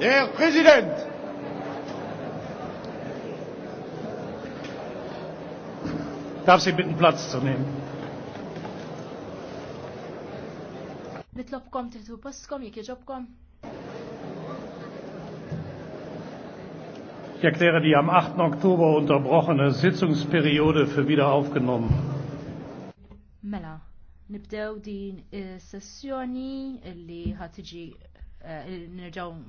Herr Präsident! Darf Sie bitten, Platz zu nehmen? Nitlobkom tiftu postkom, jek jġobkom. Ich erkläre die am 8. Oktober unterbrochene Sitzungsperiode für wieder aufgenommen. Mela, nibdew din is-sessjoni eh, li ħatiġi eh, nirġaw